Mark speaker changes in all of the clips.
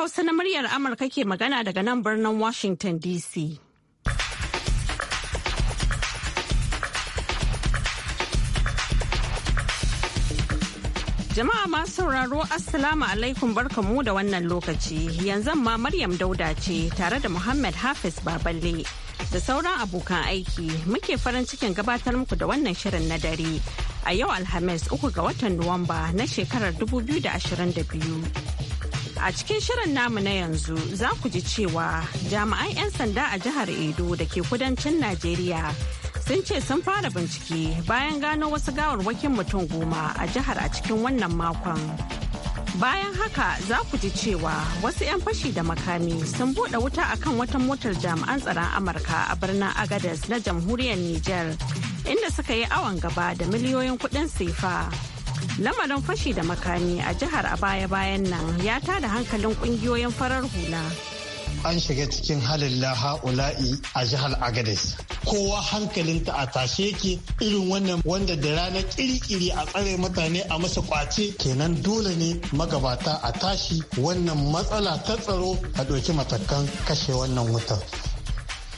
Speaker 1: Hausa na muryar Amurka ke magana daga nan birnin Washington DC. Jama'a masu sauraro Assalamu alaikum barkamu da wannan lokaci yanzu ma Maryam Dauda ce tare da Muhammad Hafiz Baballe da sauran abokan aiki muke farin cikin gabatar muku da wannan shirin na dare a yau Alhamis uku ga watan Nuwamba na shekarar 2022. a cikin shirin namu na yanzu za ku ji cewa jami'an 'yan sanda a jihar Edo da ke kudancin Najeriya sun ce sun fara bincike bayan gano wasu gawarwakin mutum goma a jihar a cikin wannan makon. Bayan haka za ku ji cewa wasu 'yan fashi da makami sun buɗe wuta akan wata motar jami'an tsaron Amurka a birnin agadas na jamhuriyar Nijar inda suka yi awon gaba da miliyoyin kuɗin sefa. lamarin fashi da makami a jihar a baya-bayan nan ya tada hankalin kungiyoyin farar hula
Speaker 2: an shiga cikin halin laha'ula'i a jihar Agadis, kowa hankalinta a tashe yake irin wannan wanda da ranar kirikiri a tsare mutane a masa kwace kenan dole ne magabata a tashi wannan matsala ta tsaro a ɗauki matakan kashe wannan wutar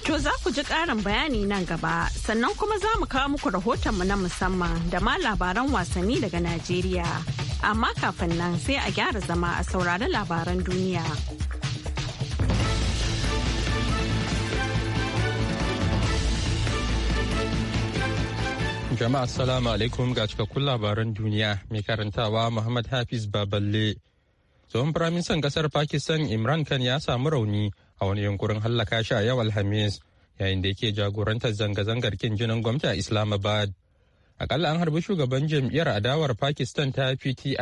Speaker 1: To za ku ji ƙarin bayani nan gaba sannan kuma za mu kawo muku rahotonmu na musamman da ma labaran wasanni daga Najeriya. Amma kafin nan sai a gyara zama a saurari labaran duniya.
Speaker 3: Jama'a salamu alaikum ga cikakkun labaran duniya mai karantawa Muhammad Hafiz Baballe. Tsohon firaministan ƙasar Pakistan Imran Khan ya samu rauni a wani yankurin hallaka shi a yau alhamis yayin da yake jagorantar zanga-zangar kin jinin gwamnati a islamabad akalla an harbi shugaban jam'iyyar adawar pakistan ta pti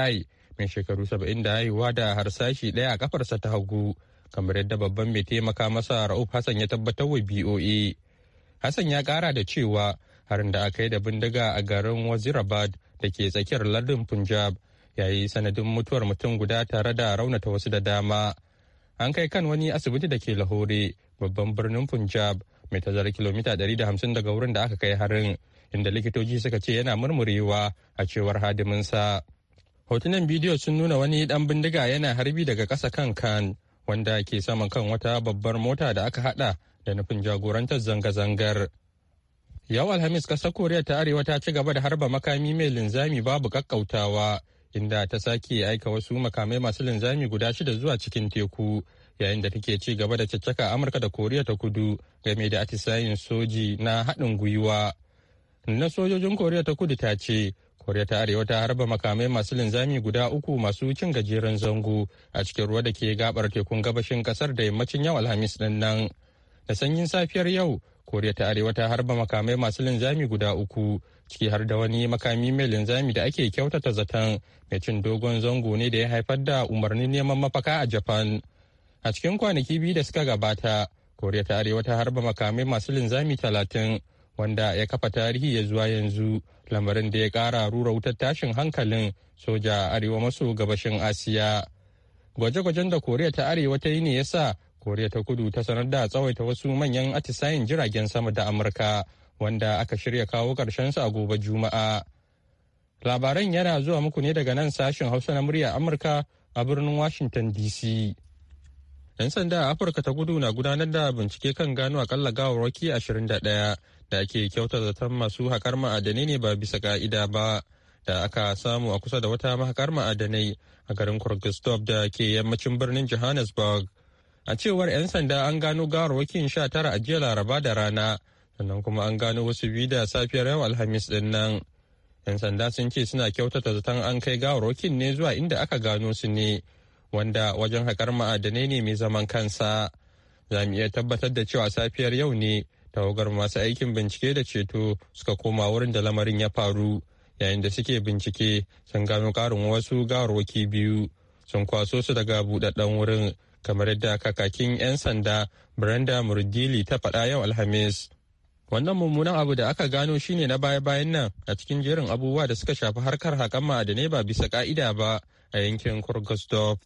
Speaker 3: mai shekaru saba'in da haihuwa da harsashi ɗaya a kafarsa ta hagu kamar yadda babban mai taimaka masa rauf hassan ya tabbatar wa boa hassan ya kara da cewa harin da aka yi da bindiga a garin wazirabad da ke tsakiyar lardin punjab yayi sanadin mutuwar mutum guda tare da raunata wasu da dama an kai kan wani asibiti da ke lahore babban birnin punjab mai tazarar kilomita 150 daga wurin da aka kai harin inda likitoci suka ce yana murmurewa a cewar hadiminsa hotunan bidiyo sun nuna wani dan bindiga yana harbi daga kasa kan kan wanda ke saman kan wata babbar mota da aka hada da nufin jagorantar zanga-zangar yau alhamis ƙasar koriya ta arewa ta ci gaba da harba makami mai linzami babu kakkautawa inda ta sake aika wasu makamai masu linzami guda shida zuwa cikin teku yayin da take ci gaba da caccaka amurka da koriya ta kudu game da atisayin soji na haɗin gwiwa na sojojin koriya ta kudu ta ce koriya ta arewa ta harba makamai masu linzami guda uku masu cin gajeren zango a cikin ruwa da ke gabar tekun gabashin kasar da yammacin yau alhamis din nan da sanyin safiyar yau koriya ta arewa ta harba makamai masu linzami guda uku ciki har da wani makami mai linzami da ake kyautata zaton mai cin dogon zango ne da ya haifar da umarnin neman mafaka a japan a cikin kwanaki biyu da suka gabata koriya ta arewa ta harba makamai masu linzami talatin wanda ya kafa tarihi ya zuwa yanzu lamarin da ya kara rura wutar tashin hankalin soja arewa maso gabashin asiya gwaje-gwajen da koriya ta arewa ta yi ne ya sa koriya ta kudu ta sanar da tsawaita wasu manyan atisayen jiragen sama da amurka wanda aka shirya kawo sa a gobe Juma'a. Labaran yana zuwa muku ne daga nan sashen Hausa na murya Amurka a birnin Washington DC. 'Yan sanda a Afirka ta gudu na gudanar da bincike kan gano akalla gawarwaki ashirin da da ake kyauta zaton masu haƙar ma'adanai ne ba bisa ka'ida ba da aka samu a kusa da wata mahaƙar ma'adanai a garin kurgistop da ke yammacin birnin Johannesburg. A cewar 'yan sanda an gano gawarwakin tara a jiya Laraba da rana sannan kuma an gano wasu biyu da safiyar yau alhamis din nan yan sanda sun ce suna kyautata zaton an kai gawarwakin ne zuwa inda aka gano su ne wanda wajen haƙar ma'adanai ne mai zaman kansa za mu iya tabbatar da cewa safiyar yau ne tawagar masu aikin bincike da ceto suka koma wurin da lamarin ya faru yayin da suke bincike sun gano ƙarin wasu gawarwaki biyu sun kwaso su daga buɗaɗɗen wurin kamar yadda kakakin 'yan sanda brenda murdili ta faɗa yau alhamis Wannan mummunan abu da aka gano shine na baya-bayan nan a cikin jerin abubuwa da suka shafi harkar da ne ba bisa ka'ida ba a yankin kurgustov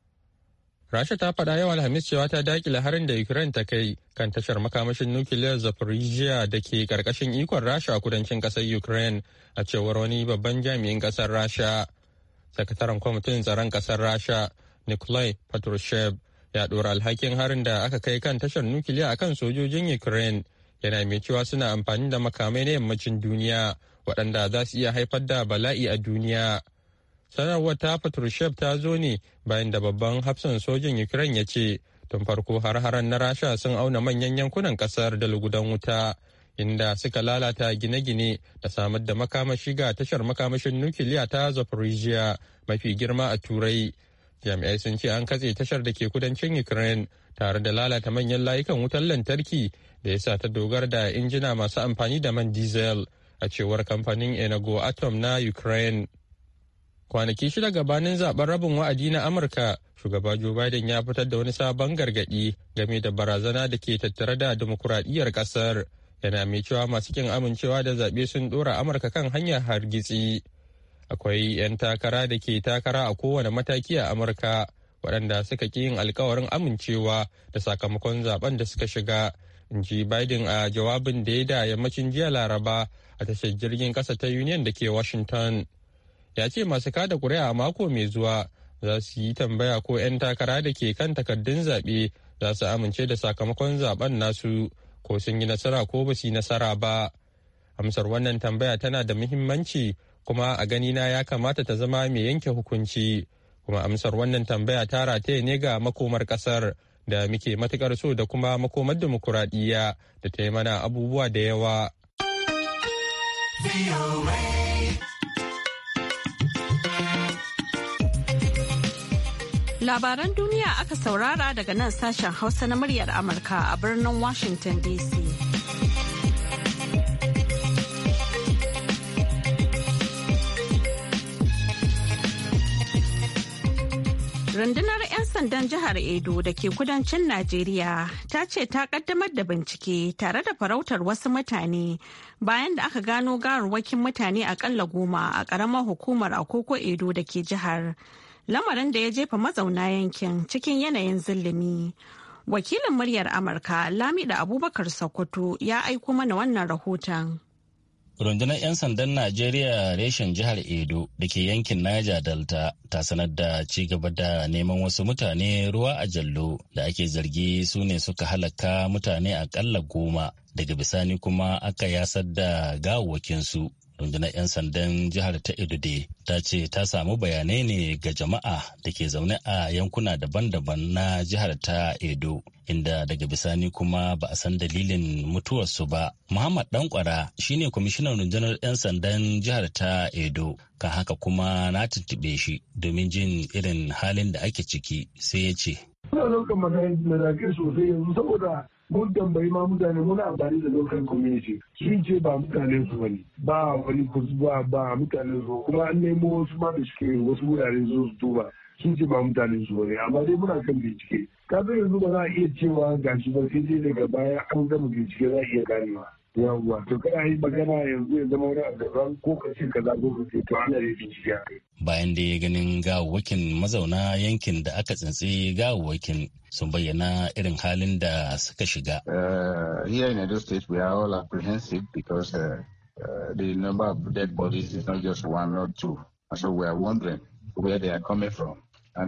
Speaker 3: Rasha ta faɗa yau Alhamis cewa ta dakile harin da Ukraine ta kai kan tashar makamashin nukiliyar Zaporizhia da ke ƙarƙashin ikon Rasha a kudancin ƙasar Ukraine a cewar wani babban jami'in ƙasar Rasha. Sakataren kwamitin tsaron ƙasar Rasha Nikolai Patrushev ya ɗora alhakin harin da aka kai kan tashar nukiliya akan sojojin Ukraine yana mai cewa suna amfani da makamai na yammacin duniya waɗanda za su iya haifar da bala'i a duniya sanarwar ta patrushev ta zo ne bayan da babban hafsan sojin ukraine ya ce tun farko har-haren na rasha sun auna manyan yankunan kasar da lugudan wuta inda suka lalata gine-gine da samar da makamashi ga tashar makamashin nukiliya ta zaporizhia mafi girma a turai jami'ai sun ce an katse tashar da ke kudancin ukraine tare da lalata manyan layukan wutar lantarki da ya sa ta dogara da injina masu amfani da man diesel a cewar kamfanin enago atom na ukraine kwanaki shida gabanin zaben rabin wa'adi na amurka shugaba joe biden ya fitar da wani sabon gargadi game da barazana da ke tattare da demokuraɗiyyar ƙasar yana mai cewa masu kin amincewa da zaɓe sun ɗora amurka kan hanyar hargitsi akwai 'yan takara da ke takara a kowane mataki a amurka waɗanda suka ƙi yin alkawarin amincewa da sakamakon zaben da suka shiga in ji biden a jawabin da ya da yammacin jiya laraba a tashar jirgin ƙasa ta union da ke washington ya ce masu kada ƙuri'a a mako mai zuwa za su yi tambaya ko 'yan takara da ke kan takardun zaɓe za su amince da sakamakon zaben nasu ko sun yi nasara ko ba su yi nasara ba amsar wannan tambaya tana da muhimmanci kuma a ganina ya kamata ta zama mai yanke hukunci kuma amsar wannan tambaya ta rataye ne ga makomar kasar da muke matukar so da kuma makomar dimokuraɗiyya da ta yi mana abubuwa da yawa.
Speaker 1: Labaran duniya aka saurara daga nan sashen Hausa na muryar Amurka a birnin Washington DC. Rundunar 'yan sandan jihar Edo da ke kudancin Najeriya ta ce ta kaddamar da bincike tare da farautar wasu mutane bayan da aka gano garuwakin mutane akalla goma a ƙaramar hukumar Akoko Edo da ke jihar. Lamarin da ya jefa mazauna yankin cikin yanayin zulumi. Wakilin muryar Amurka Lamida Abubakar Sokoto ya aiko mana wannan rahoton.
Speaker 4: rundunar 'yan sandan najeriya reshen jihar edo da ke yankin niger delta ta sanar da ci gaba da neman wasu mutane ruwa a jallo da ake zargi su ne suka halaka mutane akalla goma daga bisani kuma aka yasar da gawakinsu rundunar 'yan sandan jihar ta edude ta ce ta samu bayanai ne ga jama'a da ke zaune a yankuna daban-daban na jihar ta edo inda daga bisani kuma ba a san dalilin mutuwarsu ba muhammad dankwara shine kwamishinan rundunar 'yan sandan jihar ta edo kan haka kuma na tuntuɓe shi domin jin irin halin da ake ciki sai ya ce
Speaker 5: Muna ɗaukar matakai sosai yanzu saboda mun tambayi ma mutane muna amfani da local community sun ce ba mutane su bane ba wani kusurwa ba mutane su kuma an nemo wasu ma da suke wasu wurare zo su duba sun ce ba mutane su bane amma dai muna kan bincike kafin yanzu ba za a iya cewa gashi ba sai dai daga baya an gama bincike za a iya ganewa. yawwa to kana yi magana yanzu ya zama wani daban ko ka ce ka ka ce to ana
Speaker 4: bayan da ya ganin gawawwakin mazauna yankin da aka tsintsi gawawwakin sun bayyana irin halin da suka
Speaker 5: shiga eh, here in Edo state we are all apprehensive because eh, eh, the number of dead bodies is not just one or two so we are wondering where they are coming from
Speaker 4: Uh,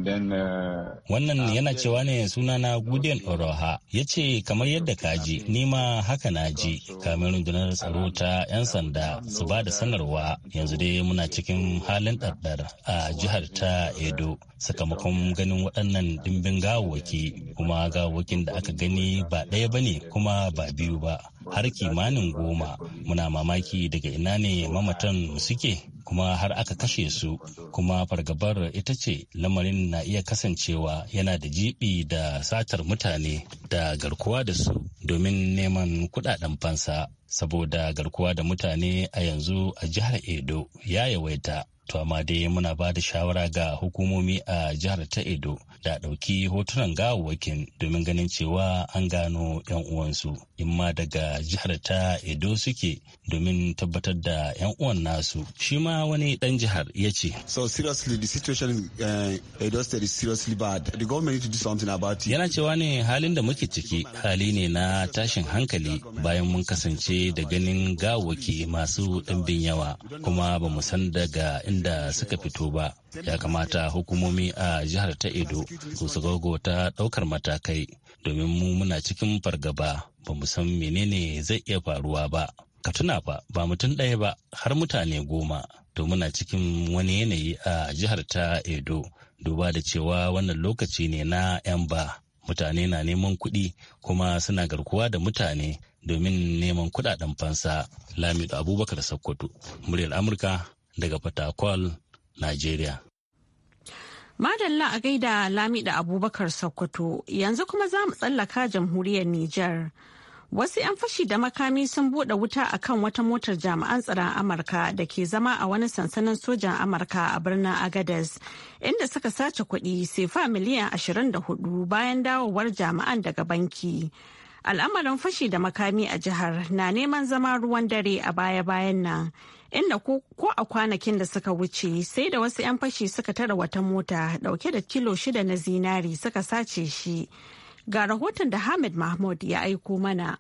Speaker 4: Wannan uh, yana cewa ne sunana Gudian Oroha ya ce kamar yadda ka ji nima haka na ji kamin rundunar tsaro ta 'yan sanda su ba da sanarwa yanzu dai muna cikin halin ɗarɗar a jihar ta Edo sakamakon ganin waɗannan dimbin gawawaki kuma gawawakin da aka gani ba ɗaya ba ne kuma ba biyu ba. har kimanin goma muna mamaki daga ina ne mamatan suke kuma har aka kashe su kuma fargabar ita ce lamarin na iya kasancewa yana da jibi da satar mutane da garkuwa da su domin neman kudaden fansa saboda garkuwa da mutane a yanzu a jihar edo ya yawaita to amma dai muna ba da shawara ga hukumomi a jihar ta edo da ɗauki hotunan gawawwakin domin ganin cewa an gano 'yan uwansu imma daga jihar ta edo suke domin tabbatar da 'yan uwan nasu shi ma wani dan jihar ya ce so seriously the situation in uh,
Speaker 5: edo state is seriously bad the government need to do something about it
Speaker 4: yana cewa ne halin da muke ciki hali ne na tashin hankali bayan mun kasance da ganin gawaki masu ɗimbin yawa kuma ba mu san daga inda suka fito ba ya kamata hukumomi a jihar ta edo su su ta ɗaukar matakai domin mu muna cikin fargaba ba mu san menene zai iya faruwa ba ka tuna ba ba mutum ɗaya ba har mutane goma to muna cikin wani yanayi a jihar ta edo duba da cewa wannan lokaci ne na 'yan ba mutane na neman kuɗi kuma suna garkuwa da mutane domin neman kuɗaɗen fansa lamido abubakar sokoto muryar amurka daga fatakwal nigeria
Speaker 1: madalla a gaida lamido abubakar sokoto yanzu kuma za mu tsallaka jamhuriyar nijar. Wasu 'yan fashi da makami sun buɗe wuta a kan wata motar jami'an tsaron Amurka da ke zama a wani sansanin sojan Amurka a birnin Agadez, inda suka sace kuɗi sefa miliyan 24 bayan dawowar jami'an daga banki. Al'amarin fashi da makami a jihar na neman zama ruwan dare a baya-bayan nan, inda ko a kwanakin da suka wuce sai da wasu 'yan fashi suka tara wata mota dauke da kilo shida na zinari suka sace shi. Ga rahoton da Hamid Mahmud ya aiko mana.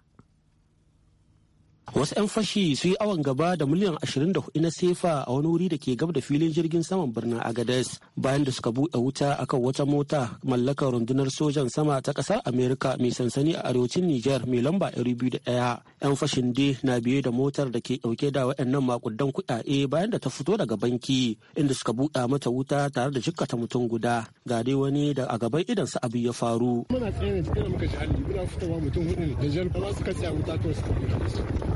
Speaker 6: wasu 'yan fashi su yi awon gaba da miliyan 24 na sefa a wani wuri da ke gab da filin jirgin saman birnin agades bayan da suka buɗe wuta akan wata mota mallakar rundunar sojan sama ta ƙasar amerika mai sansani a arewacin niger mai lamba 201 'yan fashin dai na biye da motar da ke ɗauke da waɗannan makudan kuɗaɗe bayan da ta fito daga banki inda suka buɗe mata wuta tare da jikkata mutum guda ga dai wani da a gaban idansa abu ya faru
Speaker 2: muna tsaye da muka ji hali muna fitowa mutum
Speaker 6: hudu da jan kuma suka tsaya wuta to suka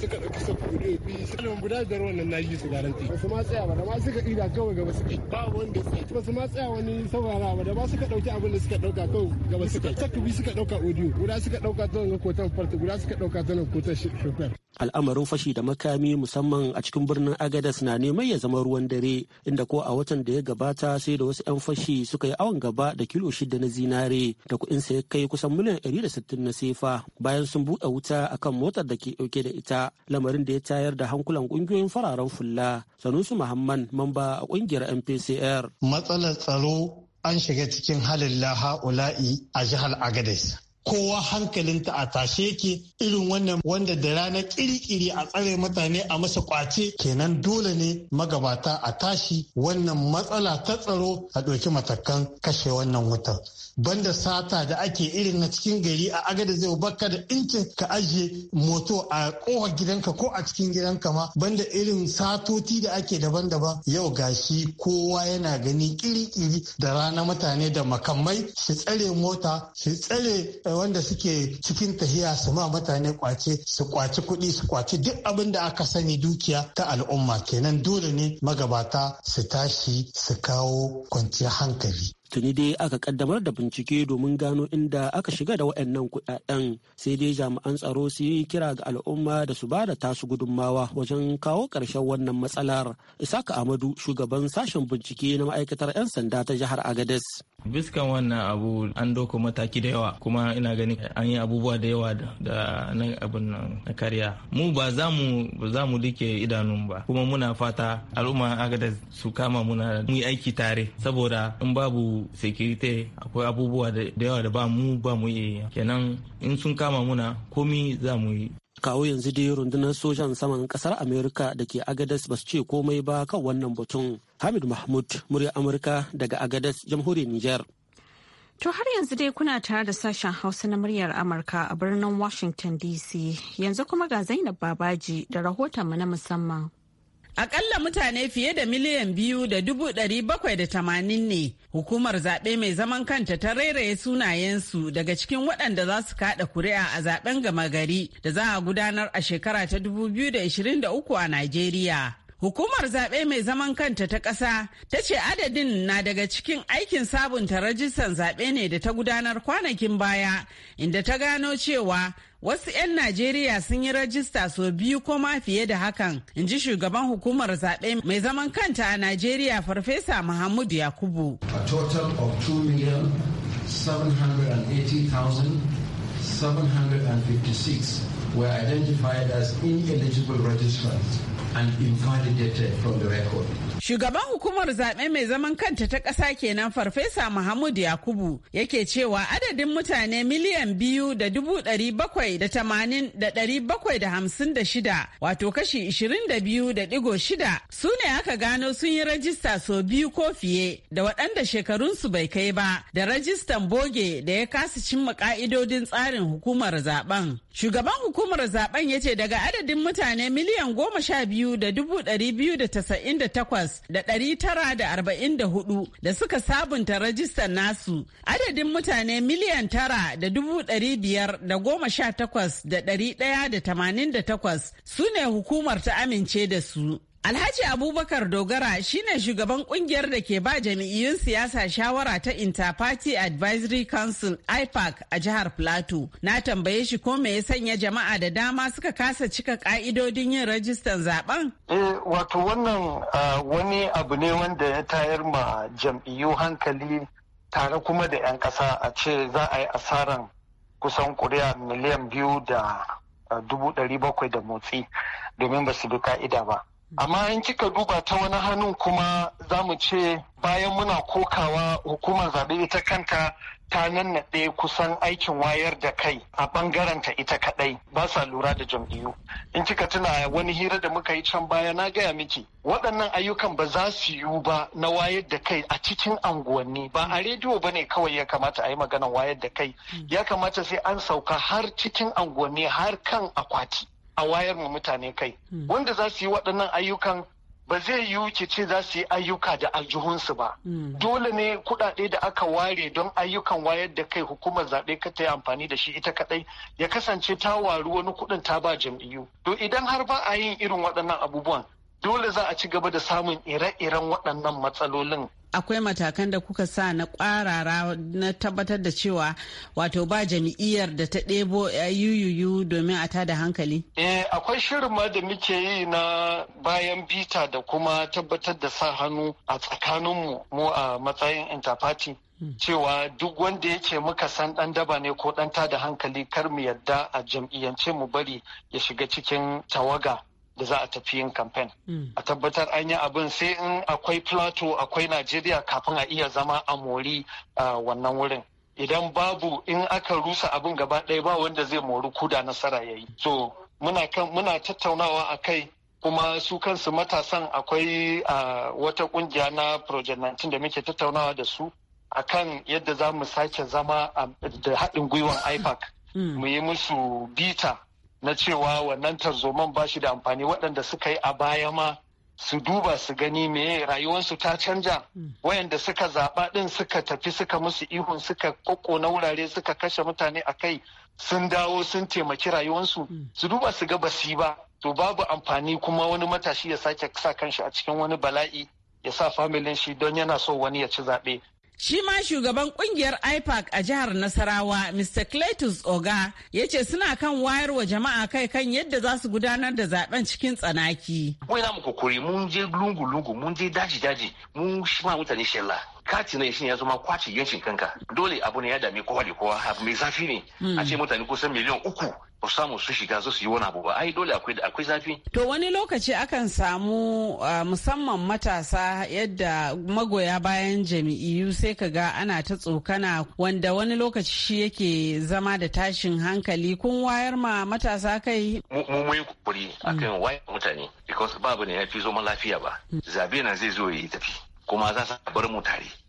Speaker 6: suka ɗauki biyu guda biyar wannan na yi su garanti da suka kawai gaba suka da suka ɗauka kawai gaba suka al'amarin fashi da makami musamman a cikin birnin agadas na neman ya zama ruwan dare inda ko a watan da ya gabata sai da wasu 'yan fashi suka yi awon gaba da kilo shida na zinare da kuɗin sa ya kai kusan miliyan 160 na sefa bayan sun buɗe wuta akan motar da ke ɗauke da ita lamarin da ya tayar da hankulan kungiyoyin fararen fulla sanusi muhammad mamba a kungiyar mpcr matsalar tsaro an shiga cikin halin laha'ula'i a jihar agadez kowa hankalinta
Speaker 2: a tashe yake irin wannan wanda da rana kirikiri a tsare mutane a masa kwace kenan dole ne magabata a tashi wannan matsala ta tsaro a ɗauki matakan kashe wannan wutan. banda sata da ake irin na cikin gari a agada zai baka da incin ka ajiye moto a kowa gidanka ko a cikin gidanka ma banda irin satoti da ake daban-daban yau gashi kowa yana gani kiri da rana mutane da makamai su tsare mota su tsare wanda suke cikin tahiya su ma mutane kwace su kwaci kuɗi su kwaci duk abin da aka sani dukiya ta al'umma kenan dole ne magabata su tashi su kawo kwanciyar hankali
Speaker 6: tuni dai aka kaddamar da bincike domin gano inda aka shiga da waɗannan kuɗaɗen sai dai jami'an tsaro su yi kira ga al'umma da su bada tasu gudummawa wajen kawo ƙarshen wannan matsalar isaka amadu shugaban sashen bincike na ma'aikatar 'yan sanda ta jihar agades biskan wannan abu an doko mataki da yawa kuma ina gani an yi abubuwa da yawa da nan abin na karya mu ba za mu za mu dike idanun ba kuma muna fata al'umma agades su kama muna mu yi aiki tare saboda in babu sekirite akwai abubuwa da yawa da ba mu ba mu yi kenan in sun kama muna komi za mu yi kawo yanzu dai rundunar sojan saman kasar amerika da ke agadas ba su ce komai ba kan wannan batun hamid mahmud murya amurka daga agadas jamhuriyar niger
Speaker 1: to har yanzu dai kuna tare da sashen hausa na muryar amurka a birnin washington dc yanzu kuma ga zainab babaji da rahotonmu na musamman
Speaker 7: Akalla mutane fiye da miliyan biyu da dubu ɗari bakwai da tamanin ne hukumar zaɓe mai zaman kanta ta rairaye sunayensu daga cikin waɗanda za su kaɗa kuri'a a zaɓen gama gari da za a gudanar a shekara ta da 2023 a Najeriya. Hukumar zaɓe mai zaman kanta ta ƙasa ta ce adadin na daga cikin aikin sabunta rajistan zaɓe ne da ta gudanar kwanakin baya inda ta gano cewa Wasu 'yan Najeriya sun yi rajista sau biyu ko ma fiye da hakan, in ji shugaban hukumar zaɓe mai zaman kanta a Najeriya Farfesa Muhammadu Yakubu.
Speaker 8: A total of 2 million 780,756 were identified as ineligible registrants and
Speaker 9: invalidated from the record.
Speaker 7: Shugaban hukumar zaɓe mai zaman kanta ta ƙasa kenan Farfesa Muhammad Yakubu yake cewa adadin mutane miliyan biyu da dubu ɗari bakwai da tamanin da ɗari bakwai da hamsin da shida wato kashi ishirin da biyu da ɗigo shida su ne aka gano sun yi rajista sau biyu ko fiye da waɗanda shekarunsu bai kai ba da rajistan boge da ya kasa cimma ƙa'idodin tsarin hukumar zaben. Shugaban hukumar zaben yace daga adadin mutane miliyan goma sha biyu da dubu ɗari biyu da tasa'in da takwas da ɗari tara da arba'in da hudu da suka sabunta rajistar nasu adadin mutane miliyan tara da dubu ɗari biyar da goma sha takwas da ɗari ɗaya da tamanin da takwas su ne hukumar ta amince da su. Alhaji Abubakar Dogara shine shugaban kungiyar da ke ba jami'in siyasa shawara ta Interparty Advisory Council IPAC a jihar Plateau. Na tambaye shi ko me ya sanya jama'a da dama suka kasa cika ka'idodin yin rajistan zaben?
Speaker 8: Eh wato wannan ah, wani abu ne wanda ya tayar ma jam'iyyu hankali tare kuma da 'yan kasa a ce za a yi asaran kusan kuri'a miliyan biyu da ah, dubu ɗari bakwai da motsi domin ba su bi ka'ida ba. amma in kika duba ta wani hannun kuma za mu ce bayan muna kokawa hukumar zaɓe ita kanta ta nannaɗe kusan aikin wayar da kai a ɓangaranta ita kaɗai ba sa lura da jam'iyyu in kika tuna wani hira da muka yi can baya na gaya miki waɗannan ayyukan ba za su yiwu ba na wayar da kai a cikin anguwanni ba a rediyo ba ne kawai ya kamata a yi maganan wayar da kai ya kamata sai an sauka har cikin anguwanni har kan akwati a wayar ma mutane kai hmm. wanda za su yi waɗannan ayyukan ba zai yiwu ki ce za su yi ayyuka da aljihunsu ba hmm. dole ne kuɗaɗe da aka ware don ayyukan wayar da kai hukumar zaɓe ka ta yi amfani da shi ita kaɗai ya kasance ta waru wani kuɗin ta ba jam'iyyu to idan har ba a yin irin waɗannan abubuwan dole za a ci gaba da samun ire-iren waɗannan matsalolin
Speaker 7: akwai matakan da kuka sa na kwarara na tabbatar da cewa wato ba jami'iyar da ta ɗebo eh, yuyuyu domin a tada hankali?
Speaker 8: Eh akwai shirin ma da muke yi na bayan bita da kuma tabbatar da sa hannu a tsakaninmu mu a matsayin interparty. Hmm. cewa duk wanda yake muka san dan daba ne ko dan tada hankali kar mu yadda a jam'iyyance mu bari ya shiga cikin tawaga da za a tafi yin kamfen. Hmm. A tabbatar an yi abin sai in akwai Plateau akwai Najeriya kafin a iya zama a mori wannan wurin. Idan babu in aka rusa abin gaba ɗaya ba wanda zai mori kuda nasara ya yi. So muna kan muna tattaunawa a kai kuma su kansu matasan akwai wata kungiya na Project 19 da muke tattaunawa da su akan yadda za mu sake zama da haɗin gwiwan IPAC. Hmm. Mu yi musu bita na cewa wannan tarzoman ba shi da amfani waɗanda suka yi a baya ma su duba su gani meye rayuwarsu ta canja wayanda suka zaɓa ɗin suka tafi suka musu ihun suka ƙoƙo na wurare suka kashe mutane a kai sun dawo sun taimaki rayuwarsu su duba su ga basi ba to babu amfani kuma wani matashi ya sake sa kanshi a cikin wani bala'i ya sa familin shi don yana so wani ya ci zaɓe
Speaker 7: Shi ma shugaban kungiyar IPAC a jihar Nasarawa, Mr. Cletus Oga, ya ce suna kan wayar wa jama'a kai kan yadda za su gudanar da zaben cikin tsanaki.
Speaker 10: Wai na mu kokori mun je lungu-lungu mun je daji-daji mun shi ma mutane shella. kati na shi ya zama kwace yancin kanka dole abu ne ya dame kowa da kowa abu mai zafi ne hmm. a ce mutane kusan miliyan uku ba samu su shiga su yi wani abu ba ai dole akwai zafi
Speaker 7: to wani lokaci akan samu ah, musamman matasa yadda magoya bayan jami'u sai ka ga ana ta tsokana wanda wani lokaci shi yake zama da tashin hankali kun wayar ma matasa kai
Speaker 10: mu mu yi kuri mm. akan wayar mutane because babu ne ya fi zoma lafiya ba mm. zabe na zai zo yi tafi kuma za su bar mu tare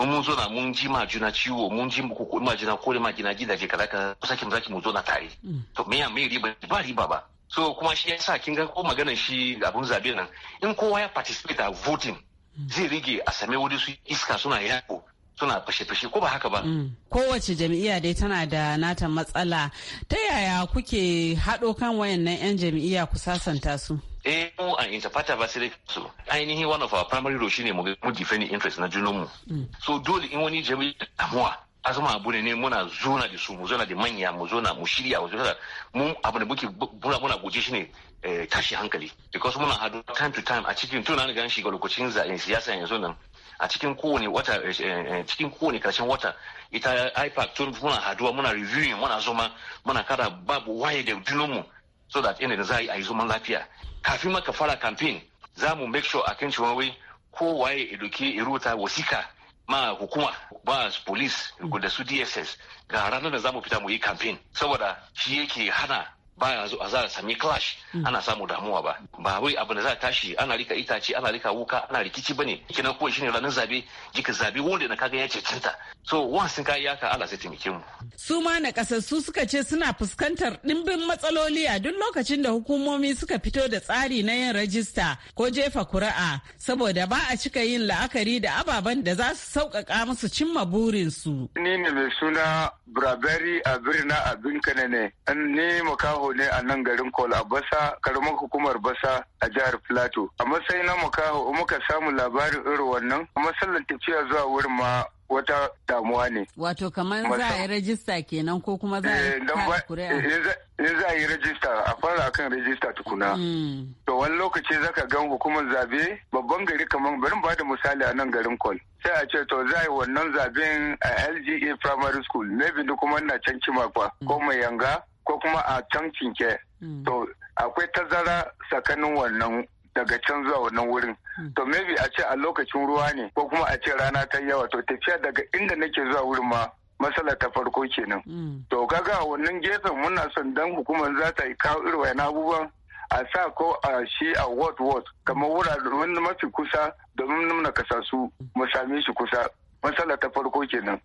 Speaker 10: mun mun zo na mun ji ma juna ciwo mun ji kuku ma juna ko ma gina gidaje kaza kada ka saki mu zaki mu zo na tare to me ya me riba ba riba ba so kuma shi yasa kin ga ko maganar shi abun zabe nan in kowa ya participate a voting mm. zai rige a same wuri su iska suna yako suna fashe-fashe ko ba haka ba. Mm.
Speaker 7: Kowace jam'iyya dai tana da nata matsala. Ta yaya kuke haɗo kan wayannan 'yan jam'iyya ku sasanta su?
Speaker 10: Eh, mu an interpreter ba sai su ainihin one of our primary role shine mu mu defend interest na junanmu. Mm. So dole in wani jam'iyya damuwa azuma abu ne muna zona da su mu zona da manya mu zona mu shirya mu zuna mu abu da muke muna muna guje shi ne eh, tashi hankali because muna hadu time to time a cikin tunanin gan shi ga lokacin zaɓen siyasa yanzu nan a cikin kowane wata eh, eh, eh, cikin kowane karshen wata ita ipad tun muna haduwa muna reviewing muna zoma muna kada babu waye da junanmu so that inda za a yi zoman lafiya kafin maka fara campaign za mu make sure a kan cewa wai kowaye ya ya wasika ma hukuma ba police da su dss ga ranar da za mu fita mu yi campaign saboda shi yake hana baya zo a zara sami clash mm. ana samu damuwa ba ba wai abu da za tashi ana rika itace ana rika wuka ana rikici bane kina ko shine ranar zabe jika zabe wanda na kaga ya tinta so sun kai yaka Allah sai taimake mu
Speaker 7: su ma na su suka ce suna fuskantar dimbin matsaloli a duk lokacin da hukumomi suka fito da tsari na yin rajista ko jefa kura'a saboda ba a cika yin la'akari da ababen da za su sauƙaƙa musu cimma burinsu.
Speaker 5: Ni ne mai suna Braberi a birnin kanene ne, ni makaho ne a nan garin Kol a Basa, karamar hukumar Basa a jihar Plateau. A matsayin na makaho muka samu labarin irin wannan, masallan tafiya zuwa wurin ma wata damuwa ne.
Speaker 7: Wato kamar za a yi rajista kenan ko kuma za a yi eh, kuri'a? Eh,
Speaker 5: in za a yi rajista a fara akan rajista tukuna. Hmm. To wani lokaci zaka gan hukumar zabe babban gari kamar bari ba da misali a nan garin Kol. Sai a ce to za a yi wannan zaben a LGA Primary School, maybe ni kuma na can Cimakwa ko hmm. mai yanga ko kuma a can cinke mm. to akwai tazara tsakanin wannan daga can zuwa wannan wurin mm. to maybe a ce a lokacin ruwa ne ko kuma a ce rana ta yawa to tafiya daga inda nake zuwa wurin ma matsala ta farko kenan mm. to kaga wannan gefen muna son dan hukumar za ta kawo irin wani abubuwan a sa ko a shi a ward ward kamar wuraren mafi kusa domin nuna kasasu mu same shi kusa matsala ta farko kenan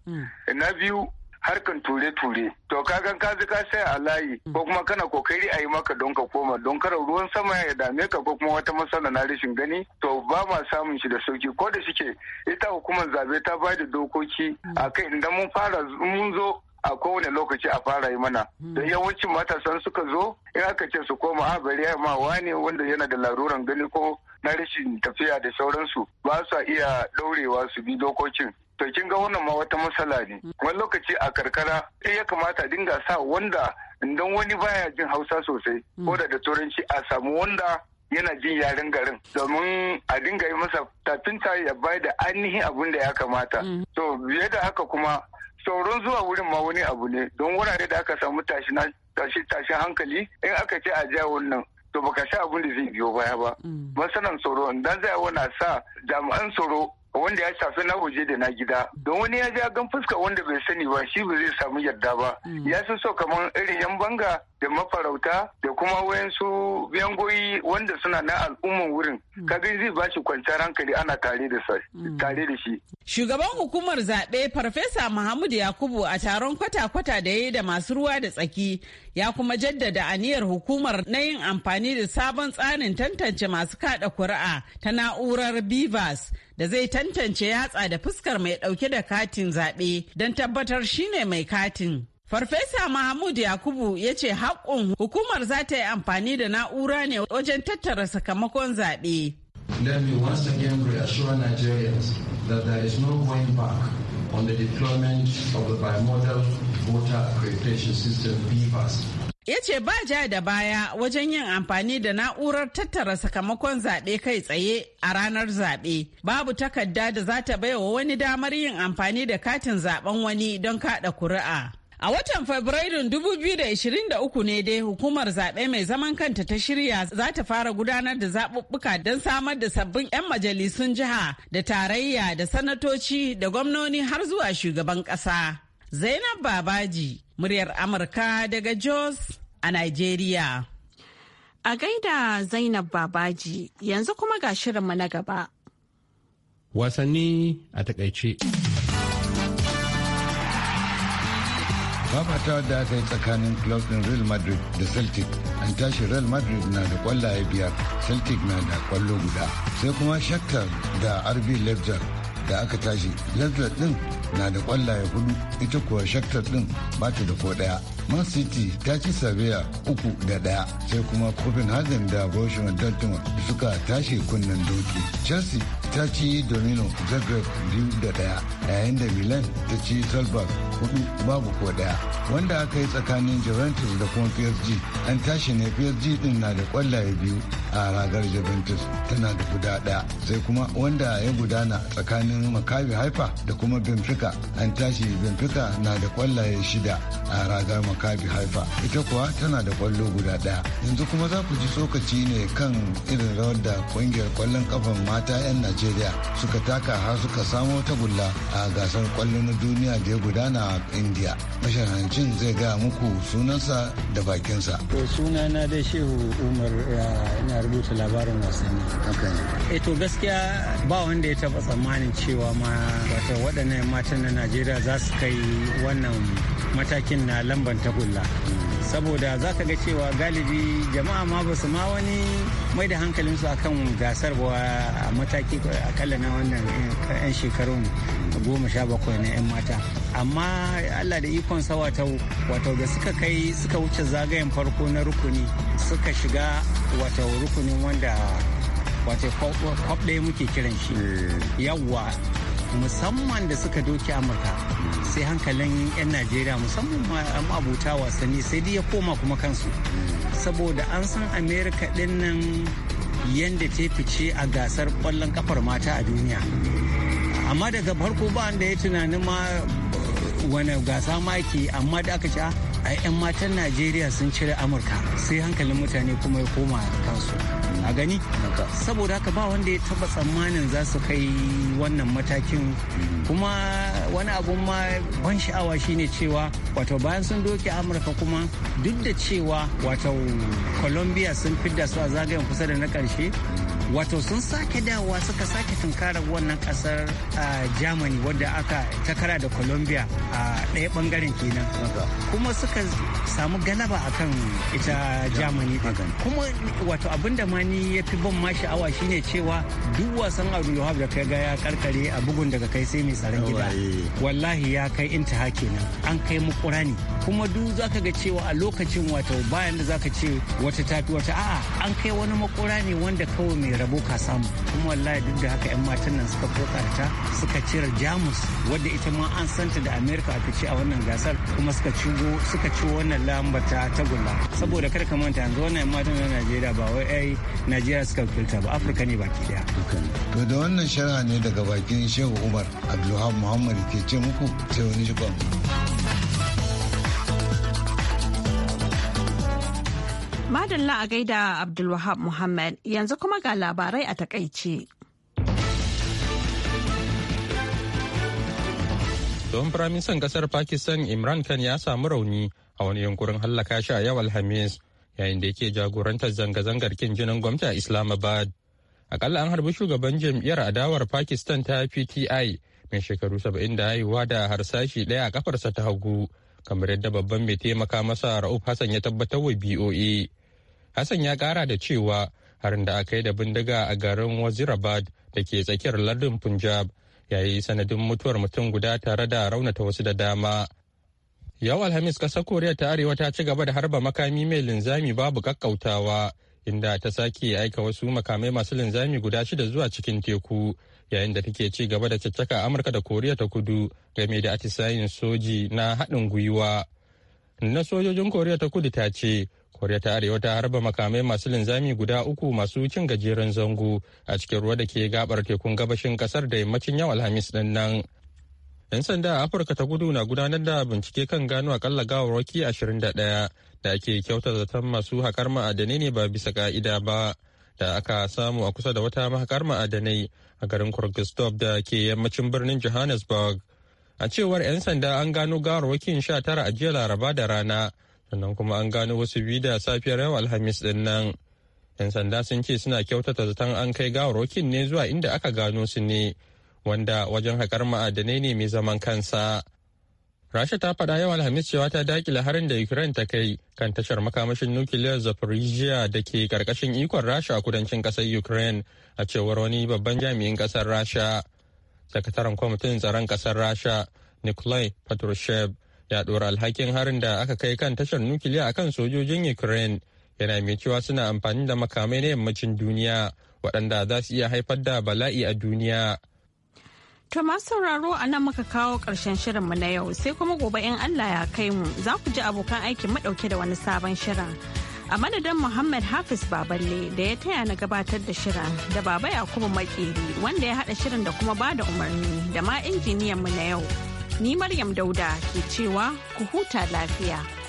Speaker 5: na biyu harkan ture-ture to ka kagan ka ji ka sai a layi mm. ko kuma kana kokari a yi maka don ka koma don kada ruwan sama ya dame ka ko kuma wata matsala na rashin gani to ba ma samun shi da sauki ko da shike ita hukumar zabe ta ba da dokoki mm. a kai idan mun fara mun zo a kowane lokaci a fara yi mana mm. don yawancin matasan suka zo in aka ce su koma a bari ma wani wanda yana da laruran gani ko na rashin tafiya da sauransu ba sa iya ɗaurewa su bi dokokin to kin ga wannan ma wata matsala ne mm. wani lokaci a karkara sai eh, ya kamata dinga sa wanda don wani baya jin hausa sosai mm. ko da da turanci a samu wanda yana jin yaren garin domin a dinga yi masa ta ya bai da ainihin abin da ya kamata mm. to biye da haka kuma sauran zuwa wurin ma wani abu ne don wurare da aka samu tashin hankali in aka ce a ja wannan to baka sha abin da zai biyo baya ba masanan tsoro dan zai wani sa jami'an tsoro wanda ya shafi na waje da na gida don wani ya ja gan fuska wanda bai sani ba shi ba zai samu yarda ba mm. ya san so kamar irin yan banga da mafarauta da kuma wayansu biyangoyi wanda suna na al'umman wurin mm. kaga zai ba shi kwanciyar hankali ana tare da mm. tare da shi
Speaker 7: shugaban hukumar zaɓe farfesa mahmud yakubu a taron kwata-kwata da yayi da masu ruwa da tsaki ya kuma jaddada aniyar hukumar na yin amfani da sabon tsarin tantance masu kada kuri'a ta na'urar bivas da zai tantance yatsa da fuskar mai ɗauke da katin zaɓe don tabbatar shine mai katin. Farfesa Mahmud Yakubu ya ce haƙƙin hukumar za ta yi amfani da na'ura ne wajen tattara sakamakon zaɓe.
Speaker 9: Let me once again reassure Nigerians that there is no going back
Speaker 8: on the deployment of the bimodal voter accreditation system BVAS
Speaker 7: ya ce ba ja da baya wajen yin amfani da na'urar tattara sakamakon zaɓe kai tsaye a ranar zaɓe babu takarda da za ta baiwa wani damar yin amfani da katin zaben wani don kaɗa kuri'a. A watan Fabrairun 2023 ne dai hukumar zaɓe mai zaman kanta ta shirya za ta fara gudanar da zaɓuɓɓuka don samar da sabbin 'yan majalisun jiha da tarayya da sanatoci da gwamnoni har zuwa shugaban ƙasa. Zainab Babaji, muryar Amurka daga Jos a Nigeria. A gaida Zainab Babaji, yanzu
Speaker 1: kuma ga shirinmu na gaba.
Speaker 3: Wasanni a takaice.
Speaker 9: fafatawa da aka yi tsakanin club din real madrid da celtic an tashi real madrid na da kwallaye biyar celtic na da kwallo guda sai kuma shakhtar da rb leipzig da aka tashi Leicester din na da kwallaye hudu ita kuwa shaktar din ba ta da ko daya man city ta ci sabia uku da daya sai kuma copenhagen da borussia dortmund suka tashi kunnen doki chelsea ta ci domino zagreb biyu da daya yayin da milan ta ci salzburg hudu babu ko daya wanda aka yi tsakanin juventus da kuma psg an tashi ne psg din na da kwallaye biyu a ragar juventus tana da guda daya sai kuma wanda ya gudana tsakanin makabi haifa da kuma benfica an tashi benfica na da kwallaye shida a ragar makabi haifa ita kuwa tana da kwallo guda daya yanzu kuma za ku ji tsokaci ne kan irin rawar da kungiyar kwallon kafan mata 'yan najeriya suka taka har suka samo tagulla a gasar kwallo na duniya da ya gudana a india mashahancin zai gaya muku sunansa da bakinsa
Speaker 11: to na dai shehu umar ina rubuta labarin wasanni eh to gaskiya ba wanda ya taba tsammanin cewa ma wata waɗannan matan na najeriya za su kai wannan matakin na lamban tagulla saboda za ka ga cewa galibi jama'a ma ba su ma wani mai da hankalinsu akan gasar ba a mataki akalla na wannan 'yan shekarun goma sha bakwai na 'yan mata amma allah da ikon sawata wato da suka kai suka wuce zagayen farko na rukuni suka shiga wato rukunin wanda wato kwab ɗaya muke kiran shi eh. yawwa musamman da suka doki amurka sai hankalin 'yan najeriya musamman ma'abuta wasanni sai dai ya koma kuma kansu saboda an san amerika din nan yadda ta fice a gasar kwallon kafar mata a duniya amma daga farko ba da ya tunanin ma wani gasa maki amma da aka ci a 'yan matan najeriya sun cire amurka sai hankalin mutane kuma ya koma kansu a gani saboda haka ba wanda ya taba tsammanin za su kai wannan matakin mm. kuma wani abun ma ban sha'awa shine cewa wato bayan sun doke amurka kuma duk da cewa wato colombia sun fidda su a zagayen kusa da na karshe wato sun sake dawowa suka sake tunkarar wannan kasar germany wadda aka takara da colombia a ɗaya bangaren kenan kuma suka samu galaba akan ita germany kuma wato abinda ma ni gani ya fi ban ma sha'awa shine cewa duk wasan abu abdulwahab da kai ga ya karkare a bugun daga kai sai mai tsaron gida eh. wallahi ya kai intaha kenan an kai mukura ne kuma duk ka ga cewa a lokacin wata bayan da zaka ce wata tafi wata a'a an kai wani makura ne wanda kawai mai rabo ka samu kuma wallahi duk da haka 'yan matan nan suka ta suka cire jamus wadda ita ma an santa da america a fice a wannan gasar kuma suka cigo suka ci wannan lamba ta tagulla
Speaker 9: saboda kar ka manta yanzu
Speaker 11: wannan 'yan matan na najeriya ba wai najeriya suka wakilta ba afirka ne baki
Speaker 9: daya to da wannan shara ne daga bakin shehu umar Abdulhamid muhammad ke ce muku sai wani jikon
Speaker 1: madalla a gaida abdulwahab muhammad yanzu kuma ga labarai a takaice
Speaker 3: Tsohon firaministan kasar Pakistan Imran Khan ya samu rauni a wani yankurin hallaka shi a yau Alhamis yayin da yake jagorantar zanga-zangar kin jinin gwamnati a Islamabad. Akalla an harbi shugaban jam'iyyar adawar Pakistan ta PTI mai shekaru saba'in da haihuwa da harsashi ɗaya a kafarsa ta hagu, kamar yadda babban mai taimaka masa Ra'uf Hassan ya tabbatar wa BOA. Hassan ya ƙara da cewa harin da aka yi da bindiga a garin Wazirabad da ke tsakiyar lardin Punjab ya yi sanadin mutuwar mutum guda tare da raunata wasu da dama. Yau Alhamis kasar Koriya ta Arewa ta ci gaba da harba makami mai linzami babu kakkautawa inda ta sake aika wasu makamai masu linzami guda shida zuwa cikin teku yayin da take ci gaba da caccaka Amurka da Koriya ta Kudu game da atisayin soji na haɗin gwiwa. Na sojojin Koriya ta Kudu ta ce Koriya ta Arewa ta harba makamai masu linzami guda uku masu cin gajeren zango a cikin ruwa da ke gabar tekun gabashin kasar da yammacin yau Alhamis ɗin nan. 'Yan sanda a Afirka ta gudu na gudanar da bincike kan gano akalla gawarwaki 21 da ake kyauta zaton masu haƙar ma'adanai ne ba bisa ka'ida ba da aka samu a kusa da wata mahaƙar ma'adanai a garin Kyrgyzstan da ke yammacin birnin Johannesburg. A cewar 'yan sanda an gano gawarwakin 19 a jiya Laraba da rana, sannan kuma an gano wasu biyu da safiyar yau Alhamis din nan. 'Yan sanda sun ce suna kyautata zaton an kai gawarwakin ne zuwa inda aka gano su ne. wanda wajen haƙar ma'adanai ne mai zaman kansa. Rasha ta faɗa yau Alhamis cewa ta dakile harin da Ukraine ta kai kan tashar makamashin nukiliyar Zaporizhia da ke ƙarƙashin ikon Rasha a kudancin ƙasar Ukraine a cewar wani babban jami'in ƙasar Rasha. Sakataren kwamitin tsaron ƙasar Rasha Nikolai Patrushev ya ɗora alhakin harin da aka kai kan tashar nukiliya a kan sojojin Ukraine yana mai cewa suna amfani da makamai na yammacin duniya waɗanda za su iya haifar da bala'i a duniya.
Speaker 1: To masu sauraro a nan muka kawo ƙarshen shirinmu na yau sai kuma gobe in Allah ya kai mu za ku ji abokan aikin dauke da wani sabon shirin. A madadin Muhammad Hafiz Baballe da ya taya na gabatar da shirin da Baba Yakubu Makeri wanda ya haɗa shirin da kuma bada umarni da ma injiniyanmu na yau. Ni Maryam Dauda ke cewa ku huta lafiya.